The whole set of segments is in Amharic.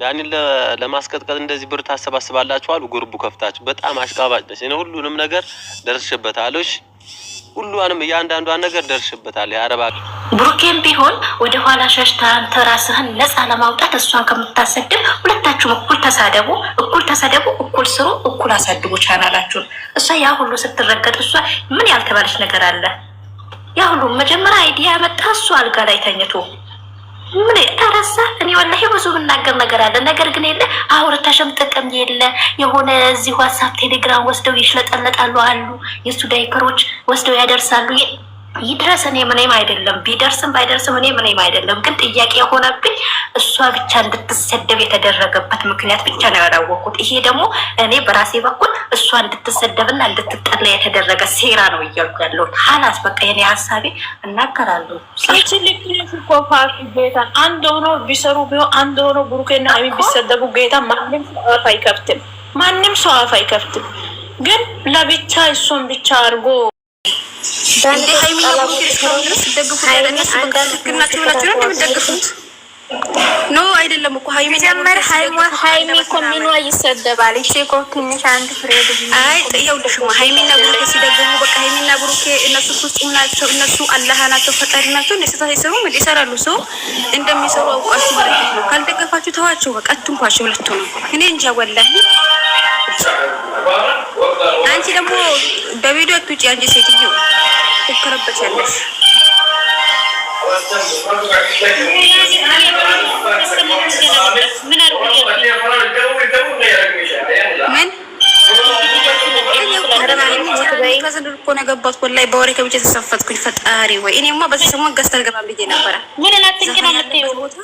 ዳኒን ለማስቀጥቀጥ እንደዚህ ብር ታሰባስባላችሁ አሉ። ጉርቡ ከፍታችሁ በጣም አሽቃባጭ ነች። እኔ ሁሉንም ነገር ደርሽበታለሁ። ሁሉንም እያንዳንዷን ነገር ደርሽበታል። የአረባ ብሩኬም ቢሆን ወደ ኋላ ሸሽታ አንተ ራስህን ነጻ ለማውጣት እሷን ከምታሰድብ ሁለታችሁም እኩል ተሳደቡ፣ እኩል ተሳደቡ፣ እኩል ስሩ፣ እኩል አሳድቡ ቻናላችሁን። እሷ ያ ሁሉ ስትረገጥ እሷ ምን ያልተባለች ነገር አለ? ያ ሁሉ መጀመሪያ አይዲያ መጣ እሱ አልጋ ላይ ተኝቶ ምን ተረሳ? እኔ ወላሂ ብዙ የምናገር ነገር አለ። ነገር ግን የለ አውርተሽም ጥቅም የለ። የሆነ እዚህ ዋትሳፕ፣ ቴሌግራም ወስደው ይሽለጠለጣሉ አሉ የሱ ዳይፐሮች ወስደው ያደርሳሉ። ይድረስ እኔ ምንም አይደለም። ቢደርስም ባይደርስም እኔ ምንም አይደለም። ግን ጥያቄ የሆነብኝ እሷ ብቻ እንድትሰደብ የተደረገበት ምክንያት ብቻ ነው ያላወቅኩት። ይሄ ደግሞ እኔ በራሴ በኩል እሷ እንድትሰደብና እንድትጠላ የተደረገ ሴራ ነው እያልኩ ያለሁት። ሀላስ በቃ የኔ ሀሳቤ እናገራለሁ። ይቺ ልክ እኮ ፓርቲ ጌታ አንድ ሆኖ ቢሰሩ ቢሆ አንድ ሆኖ ብሩኬና ሀይሚ ቢሰደቡ ጌታ ማንም ሰው አፍ አይከፍትም። ማንም ሰው አፍ አይከፍትም። ግን ለብቻ እሱን ብቻ አድርጎ እንደ ሀይሚና ብሩኬ እስካሁን ድረስ ሲደግፉት ያለነሱ ብላችሁ ነው እንደምትደግፉት? ኖ አይደለም እኮ ሀይሚ ጀመር ሀይሚ እኮ ሚኗ ይሰደባል። እቺ እኮ ትንሽ አንድ ፍሬድ አይ ይኸውልሽማ ሀይሚና ብሩኬ ሲደግፉ በቃ ሀይሚና ብሩኬ እነሱ ፍጹም ናቸው፣ እነሱ አላህ ናቸው፣ ፈጣሪ ናቸው። እነሱ ታይሰሩ ምን ይሰራሉ? ሰው እንደሚሰሩ አውቃችሁ ማለት ነው። ካልደገፋችሁ ተዋቸው፣ በቃ አትንኳቸው። ሁለቱ ነው እኔ እንጃ ወላሂ አንቺ ደግሞ PT N 87 U খুব খারাপ চলে আছে ও スタンダ রড প্রোডাক্টটা কি জানেন মানে আমার কাছে একটা মিনার হল আছে মানে আবহাওয়াটা তো বغيরাক মিশে মানে আমার কাছে একটা মোবাইল আছে মানে আমার কাছে একটা ফোন আছে কোন একটা বাস বলে বারেক আমি যা সফাতকি ফাতারি ওই ইনিমা বাস সম গস্তাল গাম বিজিনারা জেনে না সিনেমা তেও আছে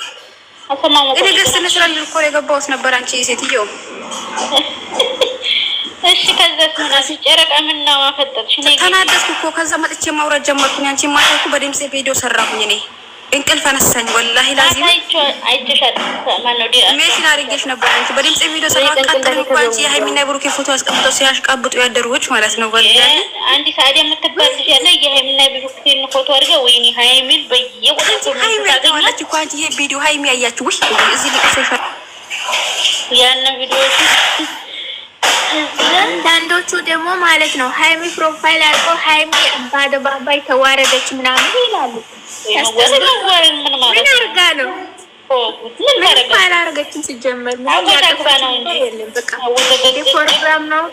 মানে গস্তিনসরাল কলে গবাস নপরাঞ্চে সেট ইউ እሺ ከዛ ስናስ ጨረቃ ምን ነው አፈጠርሽ? ለማፈጠጥሽ? ተናደድኩ እኮ ከዛ መጥቼ ማውራት ጀመርኩኝ። አንቺ ማታኩ በድምጽ ቪዲዮ ሰራሁኝ። እኔ እንቅልፍ አነሳኝ። ወላሂ ላዚም ሜሽን አድርጌሽ ነበር። አንቺ በድምጽ ቪዲዮ ሰራ አቃጥልም እኮ አንቺ የሀይሚና የብሩኬ ፎቶ አስቀምጠው ሲያሽቃብጡ ያደሩዎች ማለት ነው። ወላሂ አንድ ሰዓት የምትባል ልጅ ያለ የሀይሚና የብሩኬን ፎቶ አድርጋ ወይኔ ሀይሚን በየቁጥር ሀይሚ ያገኘች እኮ አንቺ ይሄ ቪዲዮ ሀይሚ ያያችሁ ውሽ እዚህ ሊቀ ሶሻል ያንን ቪዲዮዎች አንዳንዶቹ ደግሞ ማለት ነው ሀይሚ ፕሮፋይል አድርጎ ሀይሚ በአደባባይ ተዋረደች ምናምን ይላሉ። ምን አርጋ ነው? ምንም አላረገችም። ሲጀመር ፕሮግራም ነው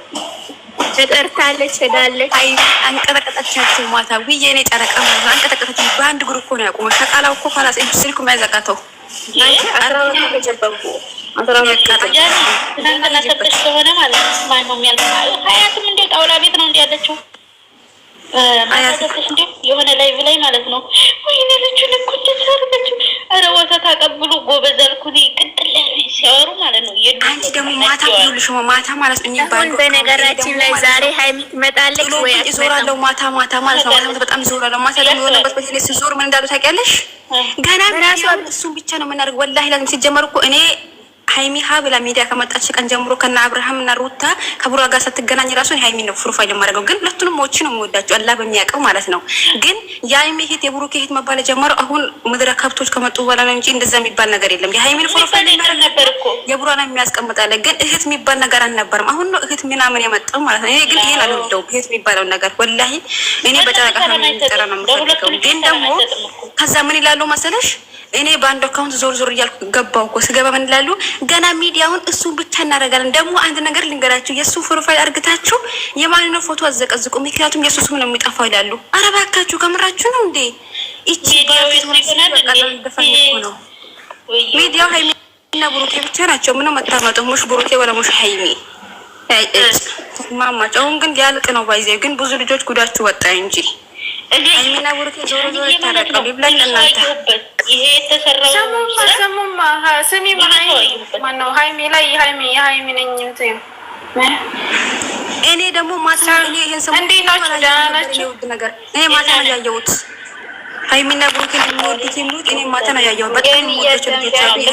ተጠርታለች፣ ሄዳለች። አንቀጠቀጠቻቸው። ማታ ጨረቃ ማለት አንቀጠቀጠች። በአንድ እኮ ነው ያቆመ ተቃላው እኮ ኋላ ስልኩ ትናንትና ሀያትም እንደ ጣውላ ቤት ነው እንደ ያለችው ማሰጠሽ እንደ የሆነ ላይቭ ላይ ማለት ነው። ወይኔ ልጁ ልኩ እንደተሰርበችው ኧረ ወተት አቀብሎ ጎበዝ አልኩኝ ቅጥል ሲያወሩ ማለት ነው። አንቺ ደግሞ ማታ ይኸውልሽ፣ ማታ ማለት ነው። በነገራችን ላይ ዛሬ ሀይሚ ትመጣለች ወይ እዞራለሁ። ማታ ማታ ማለት ነው። ማታ በጣም እዞራለሁ። ማታ ደግሞ የሆነበት በተለይ ስዞር ምን እንዳሉ ታውቂያለሽ? ገና እሱን ብቻ ነው የምናደርገው። ወላሂ ላትም ሲጀመር እኮ እኔ ሀይሚ ሀ ብላ ሚዲያ ከመጣች ቀን ጀምሮ ከነ አብርሃም እና ሩታ ከቡራ ጋር ስትገናኝ ራሱን ሀይሚ ነው ፕሮፋይል የማደርገው። ግን ሁለቱንም ሞች ነው የሚወዳቸው አላ በሚያውቀው ማለት ነው። ግን የሀይሚ እህት የብሩክ እህት መባል የጀመረው አሁን ምድረ ከብቶች ከመጡ በኋላ ነው እንጂ እንደዛ የሚባል ነገር የለም። የሀይሚን ፕሮፋይል የቡራና የሚያስቀምጣለን ግን እህት የሚባል ነገር አልነበርም። አሁን ነው እህት ምናምን የመጣው ማለት ነው። እኔ ግን ይህን አልወደውም፣ እህት የሚባለውን ነገር ወላሂ እኔ በጨረቃ ነው የሚጠራ ነው የምፈልገው። ግን ደግሞ ከዛ ምን ይላለው መሰለሽ እኔ በአንድ አካውንት ዞር ዞር እያልኩ ገባው እኮ ስገባ ምን ይላሉ? ገና ሚዲያውን እሱን ብቻ እናደርጋለን። ደግሞ አንድ ነገር ልንገራችሁ፣ የእሱ ፕሮፋይል አርግታችሁ የማንነው ፎቶ አዘቀዝቁ፣ ምክንያቱም የእሱ ስም ነው የሚጠፋው ይላሉ። አረ እባካችሁ ከምራችሁ ነው እንዴ? ይቺ ሚዲያው ሀይሚ እና ብሩኬ ብቻ ናቸው። ምንም አታመጡም። ሙሽ ብሩኬ ወለ ሙሽ ሀይሚ ማማጭ። አሁን ግን ሊያልቅ ነው። ባይዜ ግን ብዙ ልጆች ጉዳችሁ ወጣ እንጂ ሀይሚና ብሩኬ ዞሮ ዞሮ ይታረቃሉ። ይብላኝ እናንተ ይሄ የተሰራው ስሙማ ስሙማ ስሚ ማነው ሀይሜ ላይ ሀይሜ የሀይሜ ነኝ እንትን እኔ ደግሞ ማታ ይሄን ሰው እንዴት ናችሁ? ደህና ናችሁ? ነገር እኔ ማታ ነው ያየሁት። ሀይሚና ብሩክ የሚወዱት የሚሉት እኔ ማታ ነው ያየሁት። በጣም የሚወዱት ልጆች አሉ። ይሄ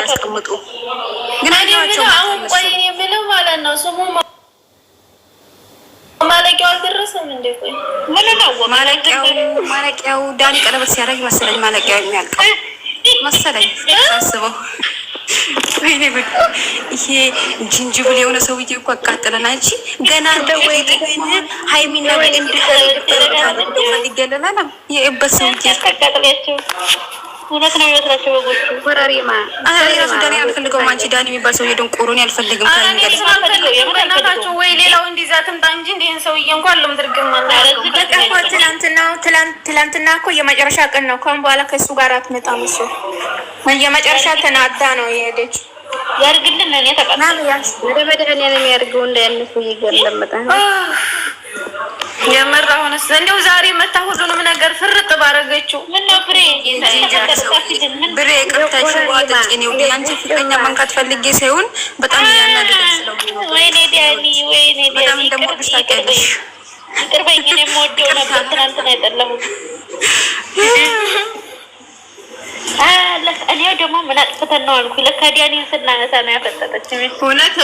ያስቀምጡ ግን አይደለም። አሁን ቆይ የምለው ማለት ነው ስሙማ ማለቂያው አልደረሰም እንዴ? ቆይ ምን ነው ማለቂያው? ማለቂያው ዳኒ ቀለበት ሲያደርግ መሰለኝ ማለቂያው የሚያልቀው መሰለኝ ሳስበው። ወይኔ ጉድ! ይሄ ጅንጅብል የሆነ ሰውዬ እኮ አቃጥለን። አንቺ ገና ወይ ሀይሚና እንድፈልግ ይገለላል የእበት ሰውዬ ሁለት ነው የወሰዳቸው በጎቹ። ወራሪማ ራሱ ዳኒ አልፈልገውም። አንቺ ዳኒ የሚባል ሰውዬ ደንቆሮ እኔ አልፈልግም። ናታቸው ወይ ሌላው እንዲዛ ትምጣ እንጂ እንዲህን ሰውዬ እንኳን ለምድርግም ትላንትና እኮ የመጨረሻ ቀን ነው። ከአሁን በኋላ ከእሱ ጋር አትመጣም። እሱ የመጨረሻ ተናዳ ነው የሄደች ያርግልን። እኔ ተቀ ወደ መድህን ያለ የሚያደርገው እንዳያነሱ ይገለመጣ የምር አሁንስ እንደው ዛሬ መታ ሁሉንም ነገር ፍርጥ ባረገችው። ምነው ብሬ ብሬ ቅርታሽ ዋጥጭኔ አንቺ ፍቅረኛ መንካት ፈልጌ ሳይሆን በጣም ያናደደኝ ስለሆነ ዲያኒ ወይኔ በጣም እንደምወድሽ ታውቂያለሽ። ይቅርበኝ፣ እኔም ወደው ነበር ትናንትና የጠለሁት እኔ ደግሞ ምን አጥፍተን ነው አልኩ። ለካ ዲያኔ ስናነሳ ነው ያፈጠጠች። እውነት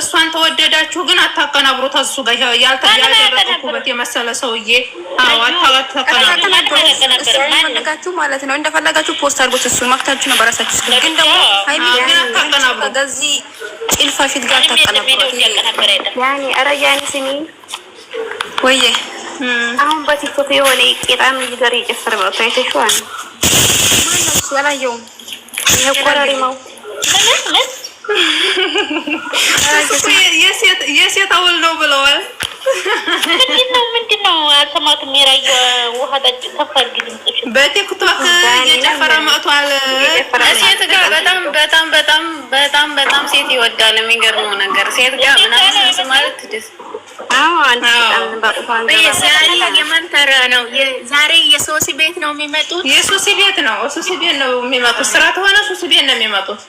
እሷን ተወደዳችሁ፣ ግን አታቀናብሩት። እሱ ጋር ያልተደረጉበት የመሰለ ሰውዬ ፈለጋችሁ ማለት ነው። እንደፈለጋችሁ ፖስት አድርጎት እሱን ማክታችሁ ነው በራሳችሁ። ግን ደግሞ ከዚህ ጭልፋ ፊት ጋር አታቀናብሩት። ያኔ ኧረ ያኔ ስሚ ወይዬ አሁን በቲክቶክ የሆነ ቄጣም ዩዘር የጨፈር መጥቶ አይተሽዋል? ማነው? አላየሁም። የቆረሪማው የሴት አውል ነው ብለዋል። ምንድነው? ምንድነው? አልሰማሁትም። የራየ ውሃ ጠጭ ከፍ አድርጊ በቲክቶክ የጨፈረ መጥቷል። ሴት ጋር በጣም በጣም በጣም በጣም በጣም ሴት ይወዳል። የሚገርመው ነገር ሴት ጋር ምናምን ስማለት ደስ ዛሬ የመንተራ ነው። ዛሬ የሶሲ ቤት ነው የሚመጡት። የሶሲ ቤት ነው ሶሲ ቤት ነው የሚመጡት። ስራ ተሆነ ሶሲ ቤት ነው የሚመጡት።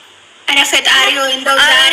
ኧረ ፈጣሪ እንደው ዛሬ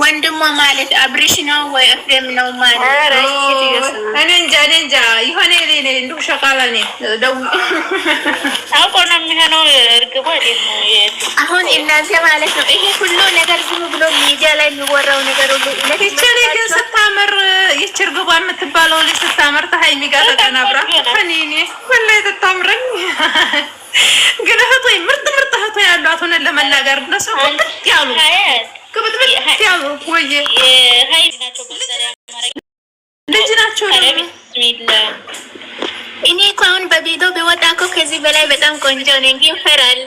ወንድሟ ማለት አብሬሽ ነው ወይ ኤፍሬም ነው ማለት? እኔ እንጃ እኔ እንጃ። የሆነ ሌሌ እንዲሁ ሸቃላ ኔ ደው አውቆ ነው የሚሆነው። እርግቦ አሁን እናንተ ማለት ነው። ይሄ ሁሉ ነገር ዝም ብሎ ሚዲያ ላይ የሚወራው ነገር ሁሉ ይቺ ልጅ ስታምር፣ ይች እርግቧ የምትባለው ልጅ ስታምር ተሀይሚ ጋር ተቀናብራ እኔ ሁላ ትታምረኝ ጋር ለሰው ያሉ ልጅ ናቸው። እኔ እኮ አሁን በቪዲዮ ቢወጣ እኮ ከዚህ በላይ በጣም ቆንጆ ነኝ። ፈራሉ